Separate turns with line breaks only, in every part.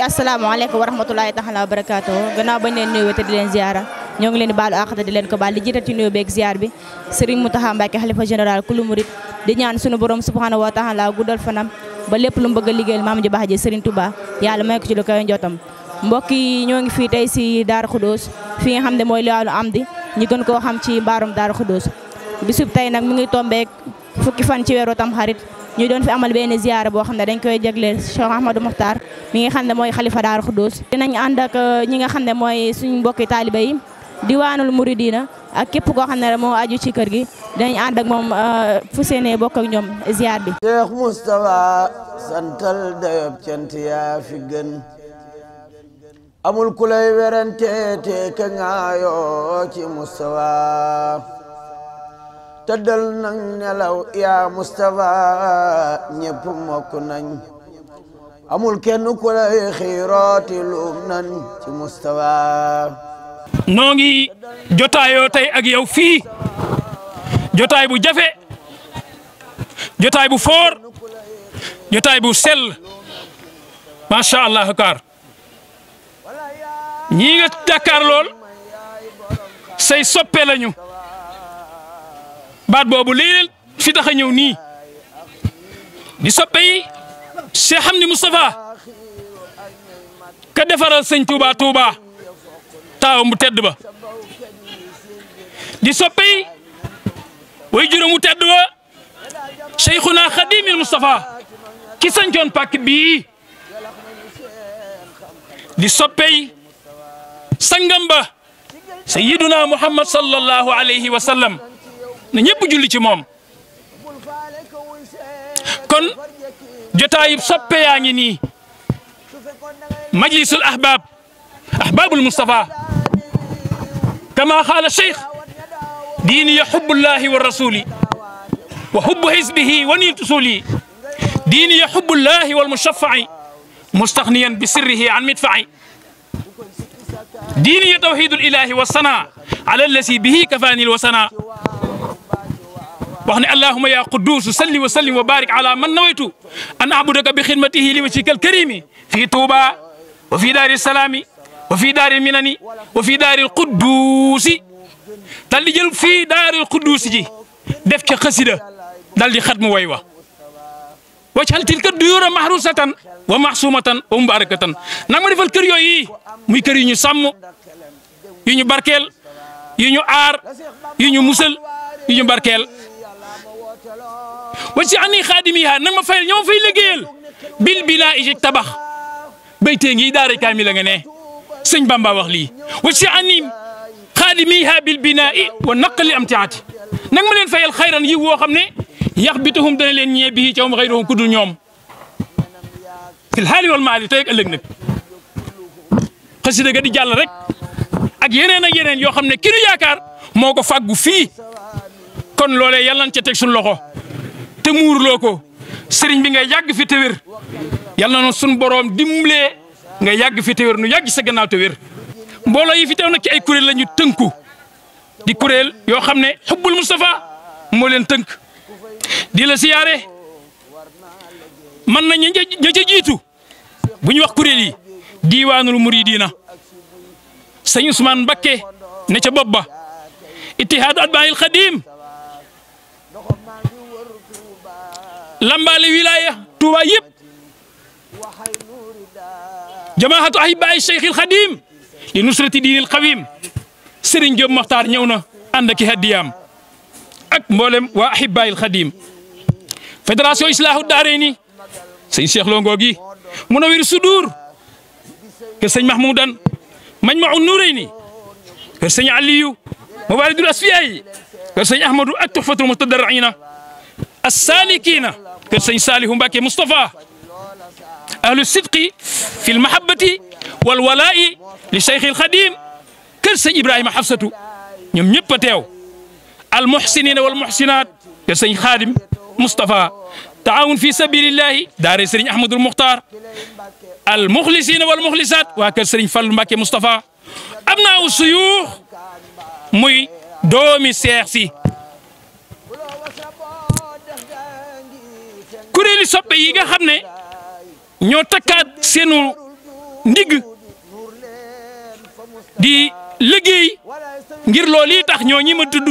mbokk
yi wa rahmatulahi taala wa barakaatu gannaaw bañ leen nuyoo te di leen ziara ñoo ngi leen di baalu àq te di leen ko baal di jiital ci nuyoo beeg ziar bi Serigne Mountakha Mbacké xalifa général kulu murid di ñaan sunu borom subhanahu wa taala guddal fanam ba lépp lu mu bëgg a liggéeyal maam ji baax ji Serigne Touba yàlla may ko ci lu koy njottam mbokk ñoo ngi fii tey si Daaru Xudoos fi nga xam ne mooy Liwaanul Amdi ñu gën koo xam ci mbaarum Daaru fan ci weeru tam xarit ñu doon fi amal benn ziyaara boo xam ne dañ koy jagleel Cheikh Ahmadou Mokhtar mi nga xam ne mooy xalifa Daaru Xudoos dinañ ànd ak euh, ñi nga xam ne mooy suñu mbokki taaliba yi diwaanul muridina ak képp koo xam ne moom aju ci kër gi dinañ ànd ak moom euh, fu seenee bokk ak ñoom ziar bi Cheikh Moustapha santal dayob cant yaa fi gën amul ku lay te ka ngaayoo ci Moustapha tëddal nañ nelaw yaa Moustapha ñépp mokk nañ amul kenn ku lay
luum nañ ci Moustapha
noo ngi jotaayoo tey ak yow fii jotaay bu jafe jotaay bu foor jotaay bu sell macha allah kaar ñii nga jàkkaar lool say soppe lañu baat boobu léeg fi tax a ñëw nii di soppe yi Cheikh Hamdi Moustapha ka defaral sëñ Touba Touba taawam bu tedd ba di soppe yi way mu tedd ba Cheikhuna Khadimil Moustapha ki sancoon pàkk bii di soppe yi sangam ba sayyiduna Muhammad sallallahu alayhi wa sallam na ñëpp julli ci moom kon jotaayub soppe yaa ngi nii majlisul ahbab ahbabul Mustafa kama xaala cheikh diini ya xubbullahi wa rasuli wa xubbu xisbihi wa niil usuli diini ya xubbullahi wal mushafai mustaxniyan bi sirrihi an midfai diini ya tawxidul ilahi wa sana ala allasi bihi kafaani wa sana wax ne allahuma ya quddus salli wa sallim wa barik ala man nawaytu an abudaka bi xidmatihi li wajhika alkarimi fii tuuba wa fii daari salaami wa fii daari minani wa fii daari qudduusi dal di jël fii daari qudduusi ji def ca xasida dal di xatmu way wa wajal tilka duyura mahrusatan wa mahsumatan wa mubarakatan nag ma defal kër yooyu muy kër yu ñu sàmm yu ñu barkeel yu ñu aar yu ñu musal yu ñu barkeel wa si ani xaadimiha nag ma fayal ñoom fay liggéeyal bil bilaa i tabax béytee ngi daara kaami la nga ne sëñ Bamba wax lii wa si ani xaadimiha bil binaa i wa naqali am tiaati nag ma leen fayal xayran yi woo xam ne yax bituhum leen ñee bii cawum xayruhum ku dul ñoom fil xaali wal maali tey ak xasida ga di jàll rek ak yeneen ak yeneen yoo xam ne ki yaakaar moo ko fàggu fii kon loolee yàlla nañ ca teg suñu loxo te muurloo ko sëriñ bi nga yàgg fi te wér yal na suñu boroom dimbalee nga yàgg fi te wér nu yàgg sa gannaaw te wér. mbooloo yi fi teew nag ci ay kuréel lañu tënku di kuréel yoo xam ne xubbul Moustapha moo leen tënk di la siyaare mën na ñu ca jiitu bu ñu wax kuréel yi diiwaanul muridiina sëñ Ousmane Mbakke ne ca bopp ba ittihaadu atbaayil lambaale wilaya Touba yëpp jamaahatu ahibbaay Cheikhil Khadim li nusrati diinil qawim Serigne Diop Makhtar ñëw na ànd ak i hadiyaam ak mboolem waa ahibbaayil Khadim fédération Islaahu Daarayni sëñ Cheikh Lo Ngogui Munawwir Sudur kër sëñ Mahmoudan Majmahun Nurayni kër sëñ Aliyu Mawaaridul Asfiyaay kër sëñ Ahmadou ak Tuhfatul Mutadarriina as-Saalikiina kër sëñ Saalihu Mbàkke Moustapha ahlu sidqi fi l mahabati wal walaa'i li Cheikh il Xadim kër sëñ Ibrahima Hafsatu ñoom ñëpp a teew al muhsinina wal muhsinat kër sëñ Xaadim Moustapha taawun fi sabilillahi daare sëriñ Ahmadul Muxtaar al muxlisina wal muxlisat waa kër sëriñ Fallu Mbàkke Moustapha am naa u suyuux muy doomi seex si seeni soppe yi nga xam ne ñoo takkaat seenu ndigg di liggéey ngir loolu yi tax ñoo ñi ma tudd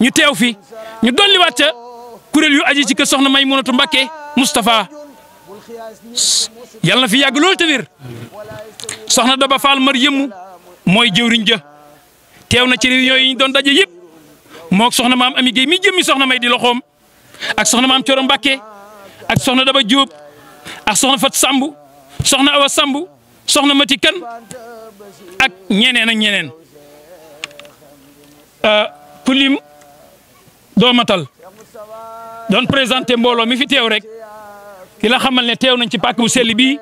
ñu teew fi ñu dolliwaat ca kuréel yu aji ci kër soxna may munatu Mbàkke Moustapha yàlla na fi yàgg loolu te soxna Daba Fall mar yëmm mooy jëwriñ ja teew na ci réunion yi doon daje yëpp moog soxna maam Ami Guèye mi jëmmi soxna may di loxoom ak soxna maam Coro Mbàkke ak soxna Daba Diop ak soxna Fat Samb soxna Awa sambu soxna Mati Kan ak ñeneen ñeneen euh, ku lim matal doon présenté mbooloo mi fi teew rek ki xamal ne teew nañ ci pàkk bu sell bii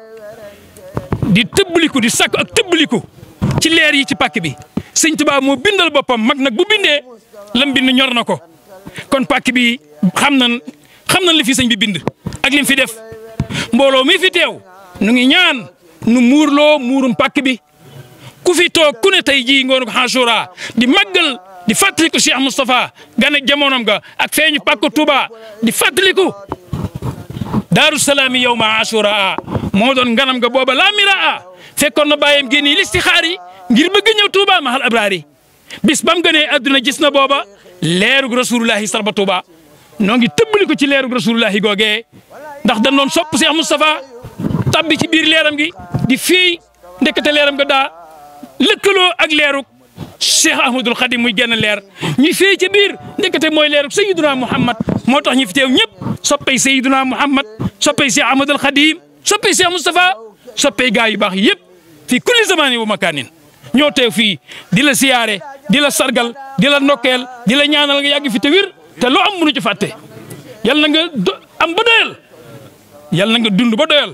di tëbbliku di sakku ak tëbbliku ci leer yi ci pàkk bi sëñ Tuubaa moo bindal boppam mag nag bu bindee lam bind ñor na ko kon pàkk bi xam nañ xam nañ li fi sëñ bi bind. ak fi def mbooloo mi fi teew nu ñaan nu loo muurum pàkk bi ku fi toog ku ne tey jii ngoonu Achoura di màggal di fàttaliku Cheikh Moustapha gan ak jamonoom ga ak feeñu pàkk Touba di fàttaliku Daaru Salaam yow ma moo doon ganam ga booba laa miraa fekkoon na bàyyam génn yi listixaar yi ngir bëgg ñëw Touba mahal abraari bis bam gënee adduna gis na booba leerug rasulullahi sarba Touba noo ngi tëbbali ko ci leerug rasulullahi googe ndax dañ doon sopp Cheikh Moustapha tabbi ci biir leeram gi di fii ndekete leeram ga daa lëkkaloo ak leerug Cheikh Ahmadul Khadim muy genn leer ñi fii ci biir ndekete mooy leerug Sayyiduna Muhammad moo tax ñu fi teew ñëpp soppay Sayyiduna Muhammad soppay Cheikh Ahmadul Khadim soppay Cheikh Moustapha soppay gaa yu baax yëpp fii kulli zamaani wa makaanin ñoo teew fii di la siyaare di la sargal di la ndokkeel di la ñaanal yàgg fi te te loo am ci fàtte yal na nga am ba doyal yal na nga dund ba doyal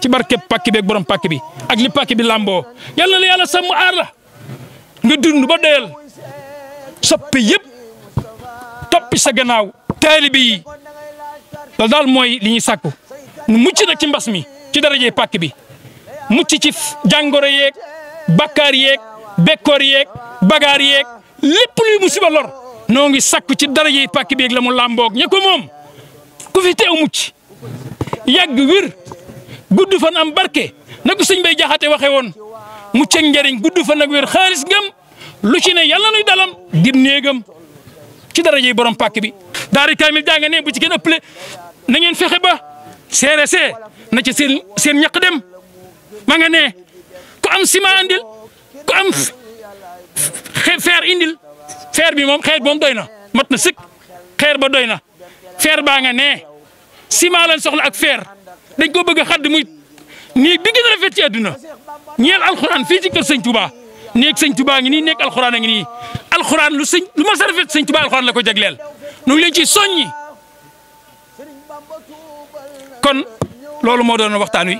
ci barke pàkk bi ak borom pàkk bi ak li pàkk bi làmboo yal na la yàlla sàmm aar la nga dund ba doyal soppi yëpp toppi sa gannaaw taalibe yi loolu daal mooy li ñuy sàkku nu mucc nag ci mbas mi ci darajee pàkk bi mucc ci jàngoro yeeg bakkaar yeeg bekkoor yeeg bagaar yeeg lépp luy musiba lor noo ngi sakku ci dara yi pàkk bi la mu làmboog ña ko moom ku fi teew mucc yàgg wir gudd fan am barke na ko sëñ bay jaxate waxe woon mucc ak njëriñ gudd fan nag wir xaalis ngam lu ci ne yàlla nuy dalam gim néegam ci dara yi borom pàkk bi daari kaamil jaa nga ne bu ci kenn ëppale na fexe ba CRC na ci seen seen ñaq dem ma nga ne am ciment andil ku am fer indil feer bi moom xeer bi moom na mat na sëkk xeer ba doy na feer baa nga nee ciment lañ soxla ak feer dañ ko bëgg a xadd muy néeg bi gën a rafet ci àdduna ñeel alxuraan fii ci kër sëñ Touba néeg sëñ Touba ngi nii nekk alxuraan a ngi nii alxuraan lu sëñ lu mas a rafet sëñ Touba la ko jagleel nu ngi leen ci soññi kon loolu moo doon waxtaan wi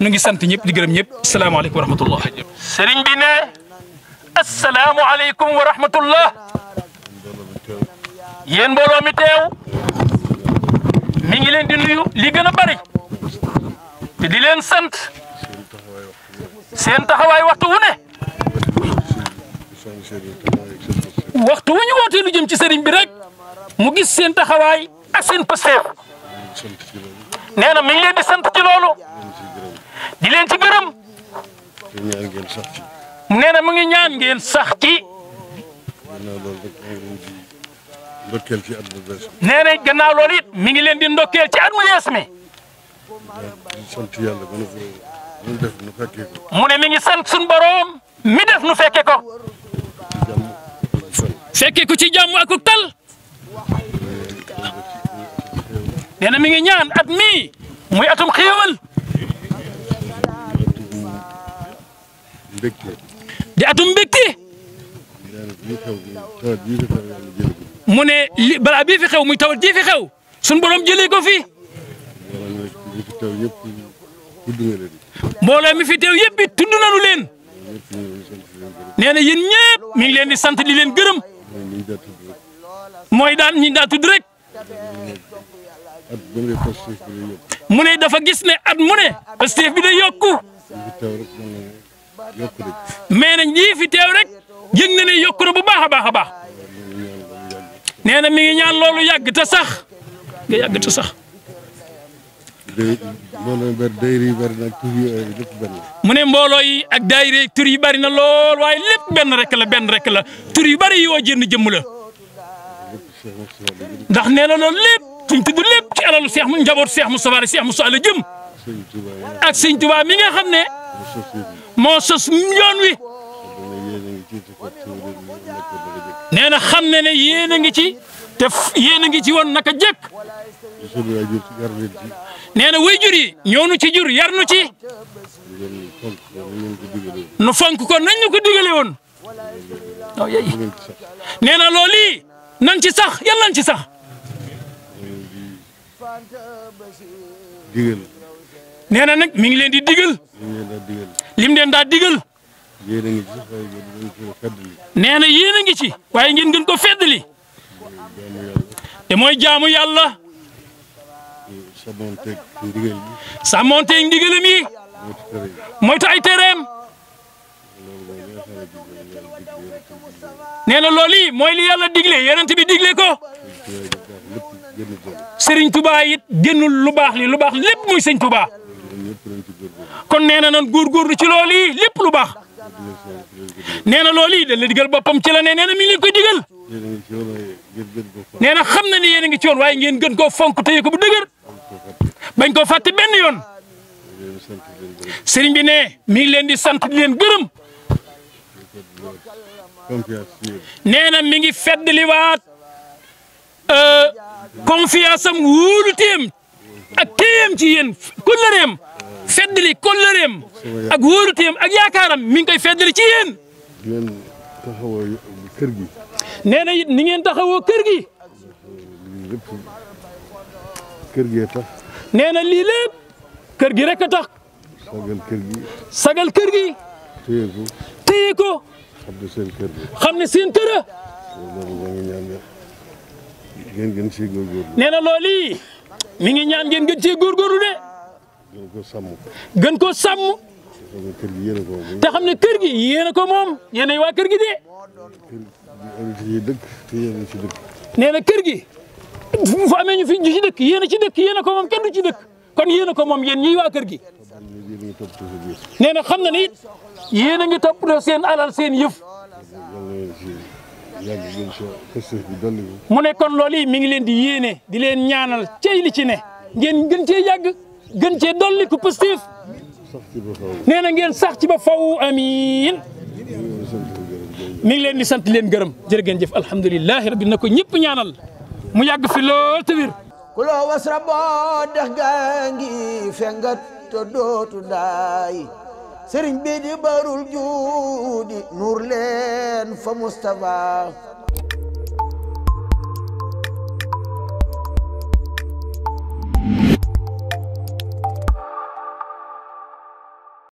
nu ngi sant ñëpp di gërëm ñëpp salaamaaleykum wa rahmatullah sëriñ asalaamualeykum wa rahmatullah yéen mbooloo mi teew mi ngi leen di nuyu li gën a bari te di leen sant seen taxawaay waxtu wu ne waxtu wu ñu wootee lu jëm ci sëriñ bi rek mu gis seen taxawaay ak seen pësteef nee na mi ngi leen di sant ci loolu di leen ci gërëm. nee na mu ngi ñaan ngeen sax ci. nee na gannaaw loolu mi ngi leen di ndokkeel ci at mu yees mi. mu ne mi ngi sant suñu boroom mi def nu fekke ko. fekke ko ci jàmm ak ku tal. nee na mi ngi ñaan at mii muy atum xéewal. di atum mbégte mu ne li balaa bii fi xew muy tawat ji fi xew sun borom jëlee ko fi. mbooloo mi fi teew yëpp it tudd leen. nee na yéen ñëpp leen di sant di leen gërëm. mooy daan ñi daa mu ne dafa gis ne at mu ne. Pastef bi day yokku. mais nag ñii fi teew rek yëg na ne yokku na bu baax a baax a baax nee na mi ngi ñaan loolu yàgg te sax nga yàgg te sax.
mbooloo yi bëri daayira yi bëri na tur yi euh, lépp benn
mu ne mbooloo yi ak daayira yi yi bëri na lool waaye lépp benn rek la benn rek la tur yu bëri yoo jënd jëmm la ndax nee na loolu lépp suñ tudd lépp ci alalu seex mu njabootu seex mu sabaare seex mu soxla jëm ak sëñ Tuubaa mi nga xam ne. moo sos yoon wi nee na xam ne ne yéen a ngi ci te yéen a ngi ci woon naka jëkk nee na way jur yi ñoo nu ci jur yar nu ci nu fonk ko nañ ko digale woon nee na loolu ci sax yal nañ ci sax. nee na nag mi ngi leen di digal. lim leen daa digal. nee na yéen a ngi ci waaye ngeen gën ko feddali. te mooy jaamu yàlla. sàmmonteeg ndigal yi. sàmmonteeg ndigalam yi. moytu ay tereem. nee na loolu yi mooy li yàlla digle yonent bi digle ko. Serigne Touba it génnul lu baax li lu baax lépp muy Serigne Touba. kon nee na nan góorgóorlu ci loolu yi lépp lu baax nee na loolu yi dañ la digal boppam ci la ne nee na mi ngi leen koy digal nee na xam na ni yéen a ngi ci yoon waaye ngeen gën koo fonk téye ko bu dëgër bañ koo fàtte benn yoon sëriñ bi ne mi ngi leen di sant di leen gërëm nee na mi ngi feddliwaat euh, confiance am wóolu téem ak téyam ci yéen kóllëreem feddali kóllëreem ak wóoruteem ak yaakaaram mi ngi koy feddali ci yéen.
ngeen taxawoo kër gi.
neena na it kër gi. kër na lii lépp kër gi rek a tax. sagal kër gi. sagal kër gi. téye ko. téye xam ne seen kër la.
xam
ne mi ngi ñaan ngeen gën cee góorgóorlu de. gën koo sàmm. gën koo sàmm. te xam ne kër gi yéen a ko moom yéenay waa kër gi de. nee na kër gi fu amee fi ñu ci dëkk yéen a ci dëkk yéen ko moom kenn du ci dëkk kon yéen a ko moom yéen ñii waa kër gi. nee na xam na ni yéen a ngi toppatoo seen alal seen yëf. mu ne kon loolu mi ngi leen di yéene di leen ñaanal cey li ci ne ngeen gën cee yàgg gën cee dolli ko positif nee na ngeen sax ci ba faw amiin mi ngi leen di sant leen gërëm jër geen jëf alhamdulilahi rabbi na ko ñëpp ñaanal mu yàgg fi lool te ku loo wasra boo dex gaa ngi fengat te dootu ndaay sëriñ bi di barul juudi nuur leen fa Mustafa